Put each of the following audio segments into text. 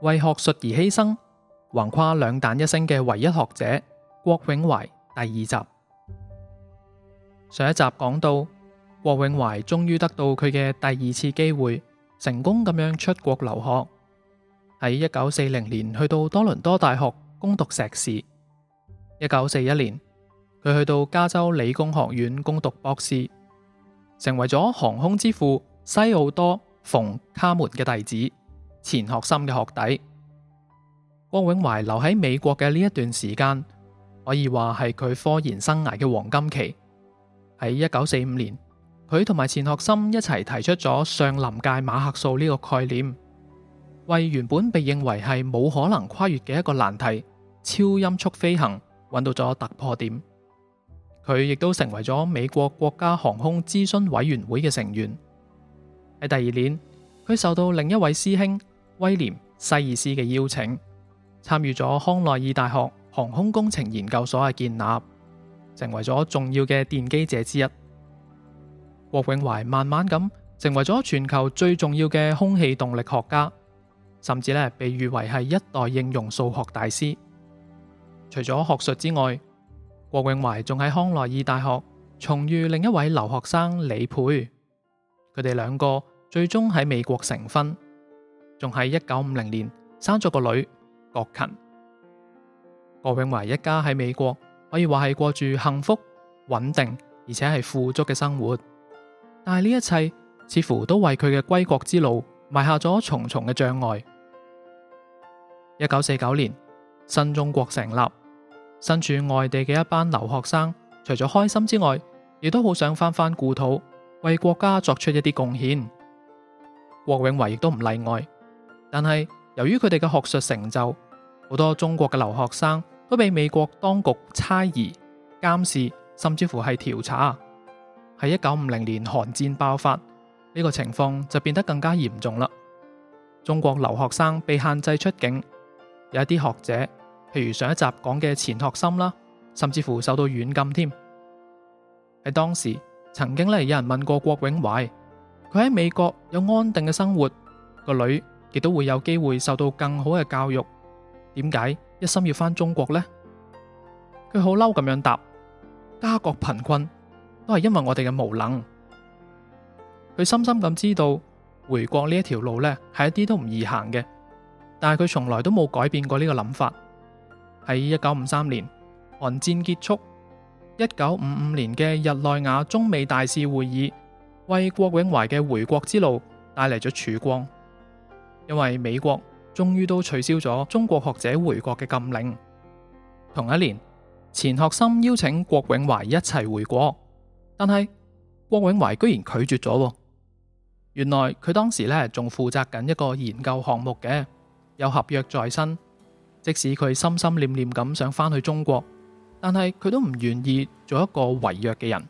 為學術而犧牲，橫跨兩彈一星嘅唯一學者郭永懷。第二集，上一集講到郭永懷終於得到佢嘅第二次機會，成功咁樣出國留學。喺一九四零年去到多倫多大學攻讀碩士，一九四一年佢去到加州理工學院攻讀博士，成為咗航空之父西奧多馮卡門嘅弟子。錢學森嘅學弟郭永懷留喺美國嘅呢一段時間，可以話係佢科研生涯嘅黃金期。喺一九四五年，佢同埋錢學森一齊提出咗上臨界馬赫數呢個概念，為原本被認為係冇可能跨越嘅一個難題，超音速飛行揾到咗突破點。佢亦都成為咗美國國家航空諮詢委員會嘅成員。喺第二年，佢受到另一位師兄。威廉西爾斯嘅邀請，參與咗康奈爾大學航空工程研究所嘅建立，成為咗重要嘅奠基者之一。郭永懷慢慢咁成為咗全球最重要嘅空氣動力學家，甚至咧被譽為係一代應用數學大師。除咗學術之外，郭永懷仲喺康奈爾大學重遇另一位留學生李佩，佢哋兩個最終喺美國成婚。仲喺一九五零年生咗個女郭芹。郭永懷一家喺美國可以話係過住幸福穩定而且係富足嘅生活，但係呢一切似乎都為佢嘅歸國之路埋下咗重重嘅障礙。一九四九年新中國成立，身處外地嘅一班留學生除咗開心之外，亦都好想翻返故土，為國家作出一啲貢獻。郭永懷亦都唔例外。但係由於佢哋嘅學術成就，好多中國嘅留學生都被美國當局猜疑、監視，甚至乎係調查。喺一九五零年，韓戰爆發，呢個情況就變得更加嚴重啦。中國留學生被限制出境，有一啲學者，譬如上一集講嘅錢學森啦，甚至乎受到軟禁添。喺當時，曾經咧有人問過郭永懷，佢喺美國有安定嘅生活，個女。亦都會有機會受到更好嘅教育，點解一心要翻中國呢？佢好嬲咁樣答：家國貧困都係因為我哋嘅無能。佢深深咁知道回國呢一條路呢係一啲都唔易行嘅，但係佢從來都冇改變過呢個諗法。喺一九五三年，韓戰結束；一九五五年嘅日內瓦中美大使會議，為郭永懷嘅回國之路帶嚟咗曙光。因為美國終於都取消咗中國學者回國嘅禁令。同一年，錢學森邀請郭永懷一齊回國，但係郭永懷居然拒絕咗。原來佢當時咧仲負責緊一個研究項目嘅，有合約在身。即使佢心心念念咁想翻去中國，但係佢都唔願意做一個違約嘅人，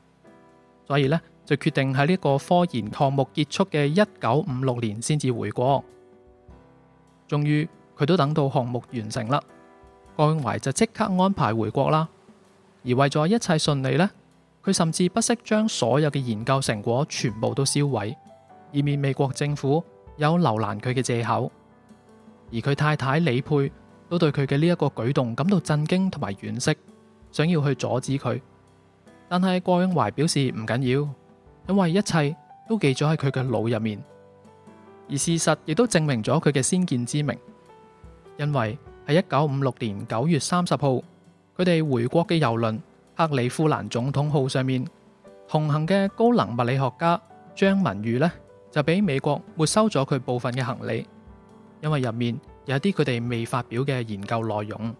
所以咧就決定喺呢個科研項目結束嘅一九五六年先至回國。終於佢都等到項目完成啦，郭永懷就即刻安排回國啦。而為咗一切順利呢，佢甚至不惜將所有嘅研究成果全部都銷毀，以免美國政府有留難佢嘅借口。而佢太太李佩都對佢嘅呢一個舉動感到震驚同埋惋惜，想要去阻止佢。但係郭永懷表示唔緊要，因為一切都記咗喺佢嘅腦入面。而事實亦都證明咗佢嘅先見之明，因為喺一九五六年九月三十號，佢哋回國嘅郵輪克里夫蘭總統號上面，同行嘅高能物理學家張文宇呢，就俾美國沒收咗佢部分嘅行李，因為入面有啲佢哋未發表嘅研究內容。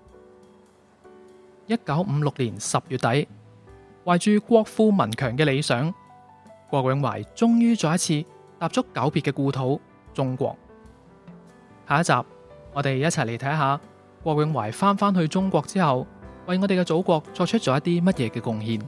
一九五六年十月底，懷住國富民強嘅理想，郭永懷終於再一次踏足久別嘅故土。中國，下一集我哋一齊嚟睇下郭永懷翻返去中國之後，為我哋嘅祖國作出咗一啲乜嘢嘅貢獻。